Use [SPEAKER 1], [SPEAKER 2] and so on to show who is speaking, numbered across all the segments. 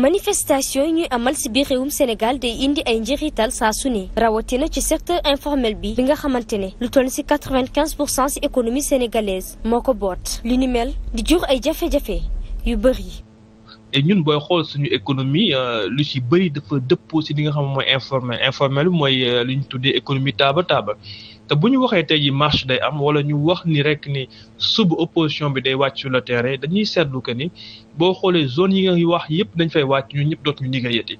[SPEAKER 1] manifestation yi ñuy amal si biir réewum Sénégal day indi ay njeexital saa su rawatina ci secteur informel bi bi nga xamante ne lu toll si 95 pour cent si économie sénégalaise moo ko boot li ni mel di jur ay jafe-jafe yu bëri.
[SPEAKER 2] et ñun booy xool suñu économie euh, lu ci bëri dafa dëppoo si li nga xam mooy informel informel bi mooy euh, li ñu tuddee économie taaba taaba. te bu ñu waxee tey ji marche day am wala ñu wax ni rek ni sub opposition bi day wàcc sur le terrain dañuy seetlu que ni boo xoolee zone yi nga wax yëpp dañ fay wàcc ñun ñëpp dootuñu liggéeyati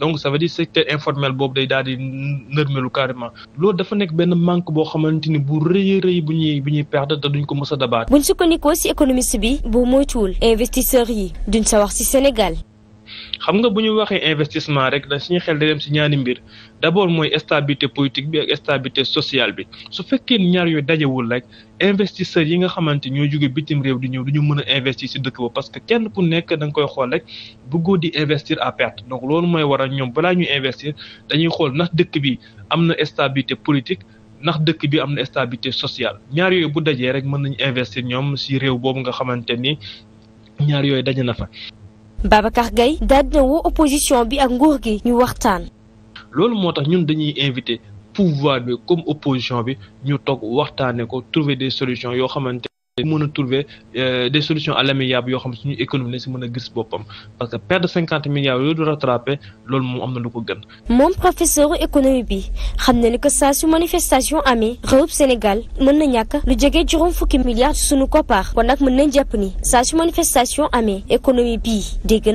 [SPEAKER 2] donc ça veut dire secteur informel boobu day daal di nërmelu carrément loolu dafa nekk benn manque boo xamante ni bu rëy rëy bu ñuy bu ñuy perdre te duñ ko mës a dabaat
[SPEAKER 1] buñ sukkandikoo ci économiste bi bu moytuwul investisseurs yi duñ sa wax ci Sénégal
[SPEAKER 2] xam nga bu ñu waxee investissement rek da suñu xel da dem si ñaari mbir d' abord mooy stabilité politique bi ak stabilité sociale bi su fekkee ñaar yooyu dajewul rek investisseurs yi nga xamante ñoo jóge bitim réew di ñëw du ñu mën a investir si dëkk ba parce que kenn ku nekk da koy xool rek bëggoo di investir à perte loolu mooy waral ñoom balaa ñuy investir dañuy xool ndax dëkk bi am na stabilité politique. ndax dëkk bi am na stabilité sociale ñaar bu dajee rek mën nañu investir ñoom ci réew boobu nga xamante ni ñaar yooyu daje na fa
[SPEAKER 1] Babacar Gaye daal dina woo opposition bi ak nguur gi ñu waxtaan.
[SPEAKER 2] loolu moo tax ñun dañuy invité pouvoir bi comme opposition bi ñu toog waxtaanee ko trouver des solutions yoo xamante. mën a trouver euh, des solutions à l'amiable yoo xam suñu économie lañ si mën a gis boppam parce que perte de cinquante yooyu du rattrapé loolu moom am na lu ko gën.
[SPEAKER 1] moom professeur économie bi xam na ni saa su manifestation amee réewum Sénégal mën na ñàkk lu jege juróom fukki milliards suñu koppar kon nag mën nañ jàpp ni saa su manifestation amee économie bii dégg